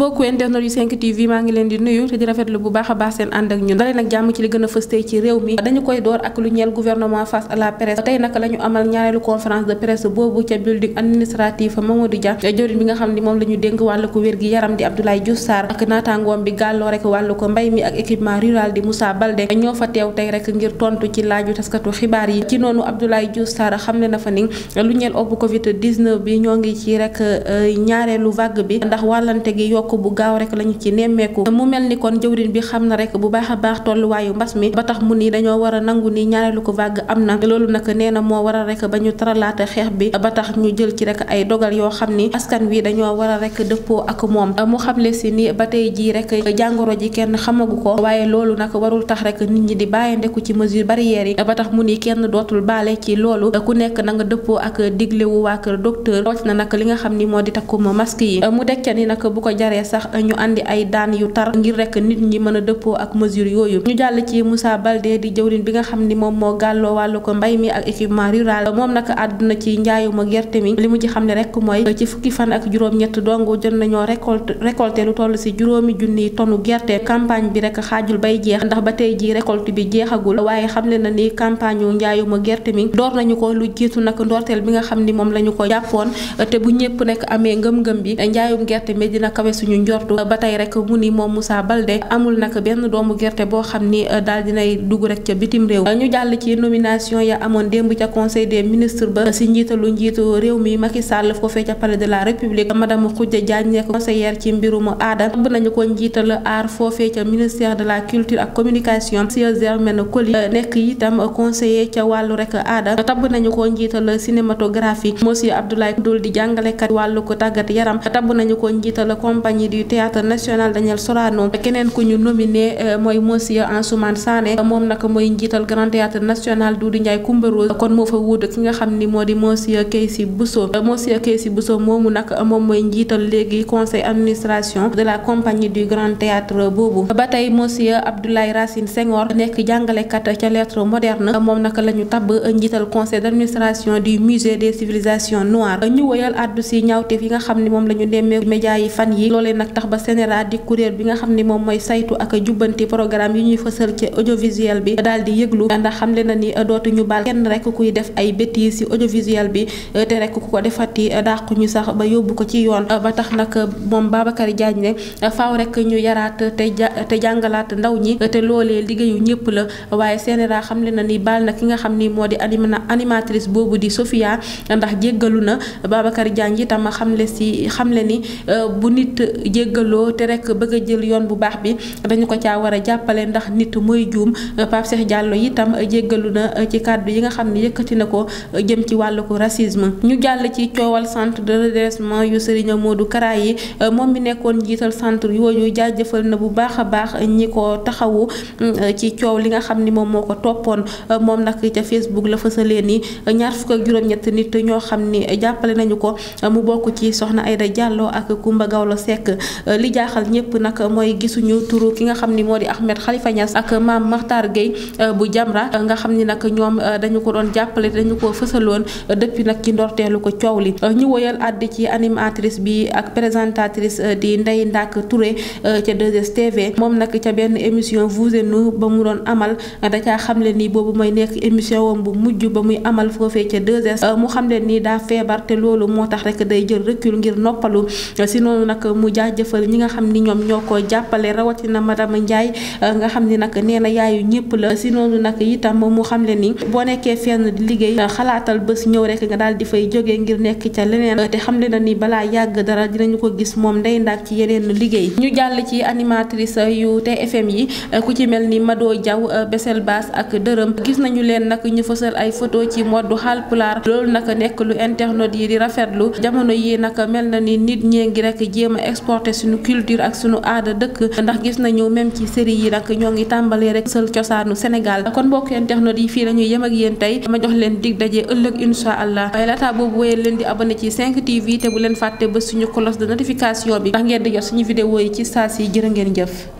mbokku internet yu 5 TV maa ngi leen di nuyu te di rafetlu bu baax a baax seen ànd ak ñun dalee nag jàmm ci li gën a ci réew mi dañu koy door ak lu ñeel gouvernement face à la presse tey nag la amal ñaareelu conférence de presse boobu ca building administratif Mamadou Dia jëwriñ bi nga xam ni moom la ñu dénk ko wér gi yaram di Abdoulaye Diouf ak naataangoom bi gàlloo rek wàllu ko mbay mi ak équipement rural di Moussa Baldé ñoo fa teew tey rek yokk bu gaaw rek lañu ci nemmeeku mu mel ni kon jëwrin bi xam na rek bu baax a baax tolluwaayu mbas mi ba tax mu ni dañoo war a nangu ni ñaareelu ko vague am na loolu nag nee na moo waral rek ba ñu tralaata xeex bi ba tax ñu jël ci rek ay dogal yoo xam ni askan wi dañoo war a dëppoo ak moom mu xamle si ni ba tey jii rek jàngoro ji kenn xamagu ko waaye loolu nag warul tax rek nit ñi di bàyyi ndeku ci mesure barrière yi ba tax mu ni kenn dootul baale ci loolu ku nekk na nga dëppoo ak diglewu waa kër docteur wàcc na nag li nga xam ni moo di takkum masque yi mu dekk ni nag bu ko jaree teree sax ñu andi ay daan yu tar ngir rek nit ñi mën a dëppoo ak mesure yooyu ñu jàll ci Moussa Baldé di jëwriñ bi nga xam ni moom moo gàlloo wàllu ko mbay mi ak équipement rural moom nag àdduna ci njaayuma gerte mi li mu ci xam ne rek mooy ci fukki fan ak juróom-ñett dong jot nañoo récolte récolté lu toll si juróomi junniy tonu gerte campagne bi rek xaajul bay jeex ndax ba tey ji récolte bi jeexagul waaye xam ne na ni campagne yu njaayuma gerte mi door nañu ko lu jiitu nag ndorteel bi nga xam ni moom lañu ko jàppoon te bu ñëpp nekk amee ngëm-ngëm bi njaayum gerte mi dina kawe suñu njortu ba tey mu ni moom Moussa Baldé amul nag benn doomu gerte boo xam ni uh, daal dinay dugg rek ca bitim réew uh, ñu jàll ci nomination ya amoon démb ca conseil des ministres ba uh, si njiitalu njiitu réew mi Macky Sall foofee ca palais de la république madame Khoudia Diagne nekk conseillère ci mbirum aada tabb nañu ko njiital aar foofee ca ministère de la culture ak communication Cheikh Germaine Coly nekk itam conseiller ca wàllu rek aada tabb nañu ko njiital cinématographie monsieur Abdoulaye Doul di jàngalekat wàllu ko tàggat yaram tabb nañu ko njiital compagnie du théâtre national Daniel Sorano keneen ku ñu nominé euh, mooy monsieur Ansoumane Sané moom kon moo fa wuutu ki nga xam ni moo di monsieur Keysi Bousso monsieur Keysi Bousso moomu moom mooy njiital léegi conseil administration de la compagnie du grand théâtre boobu ba tey monsieur Abdoulaye Racine Senghor nekk jàngalekat ca lettre moderne moom nag la ñu tabb njiital conseil d'administration du musée des civilisations noires ñu woyal àddu si ñaawteef yi nga xam ni moom la ñu demee yi fan yi loolee nag tax ba CNRA di kuréel bi nga xam ni moom mooy saytu ak jubbanti programme yi ñuy fësal ci audiovisuel bi daal di yëglu ndax xamle na ni dootu ñu baal kenn rek kuy def ay bêtises ci audiovisuel bi te rek ku ko defati dàqu ñu sax ba yóbbu ko ci yoon ba tax nag moom Babacar Diagne ne faaw rek ñu yaraat te ja te jàngalaat ndaw ñi te loolee liggéeyu ñëpp la waaye CNRA xamle na ni baal na ki nga xam ni moo di animatrice boobu di Sofia ndax jéggalu na jéggaloo te rek bëgg jël yoon bu baax bi dañu ko caa war a jàppale ndax nit mooy juum Pape Cheikh Diallo itam jéggalu na ci kàddu yi nga xam ni yëkkati na ko jëm ci wàllu ko racisme ñu jàll ci coowal centre de redressement yu moo du Kara yi moom mi nekkoon jiital centre yooyu jaajëfal na bu baax a baax ñi ko taxawu ci coow li nga xam ni moom moo ko toppoon moom nag ca Facebook la fësalee ni ñaar fukk juróom-ñett nit ñoo xam ni jàppale nañu ko nekk euh, li jaaxal ñëpp nag mooy gisuñu turu ki nga xam ni moo di Ahmed Khalifa Niass ak maam Makhtar Gueye euh, bu Jamra euh, nga xam ni nag ñoom dañu ko doon jàppale dañu ko fësaloon depuis nag ci ndorteelu ko coow li ñu woyal àddi ci animatrice bi ak présentatrice di ndey Ndack Touré ca 2STV moom nag ca benn émission vous et ba mu doon amal da caa xam leen ni boobu mooy nekk émission wam bu mujj ba muy amal foofee ca 2S mu xam leen ni daa feebar te loolu moo tax rek day jël recul ngir noppalu mu jaajëfal ñi nga xam ni ñoom ñoo ko jàppale rawatina madame Ndiaye euh, nga xam ni nag nee na yaayu ñëpp la si noonu nag itam mu xam le ni boo nekkee fenn di liggéey xalaatal bés ñëw rek nga daal di fay jógee ngir nekk ca leneen te xam na ni balaa yàgg dara dinañu ko gis moom ndey ndaak ci yeneen liggéey ñu jàll ci animatrice yu TFM yi euh, ku ci mel ni Mado Diaw euh, Besel Baas ak Dërëm gis nañu leen nag ñu fësal ay photo ci moddu Haalpulaar loolu nag nekk lu internet di rafetlu jamono yi exporter suñu culture ak suñu aada dëkk ndax gis nañu même ci série yi nag ñoo ngi tàmbalee rek sël cosaanu Sénégal kon mbokk internet yi fii la ñuy yem ak yéen tey ma jox leen dig daje ëllëg incha allah waaye laata boobu wéyee leen di abonné ci 5 TV te bu leen fàtte ba suñu cloche de notification bi ndax ngeen di jot suñu vidéo yi ci saa si jërë ngeen jëf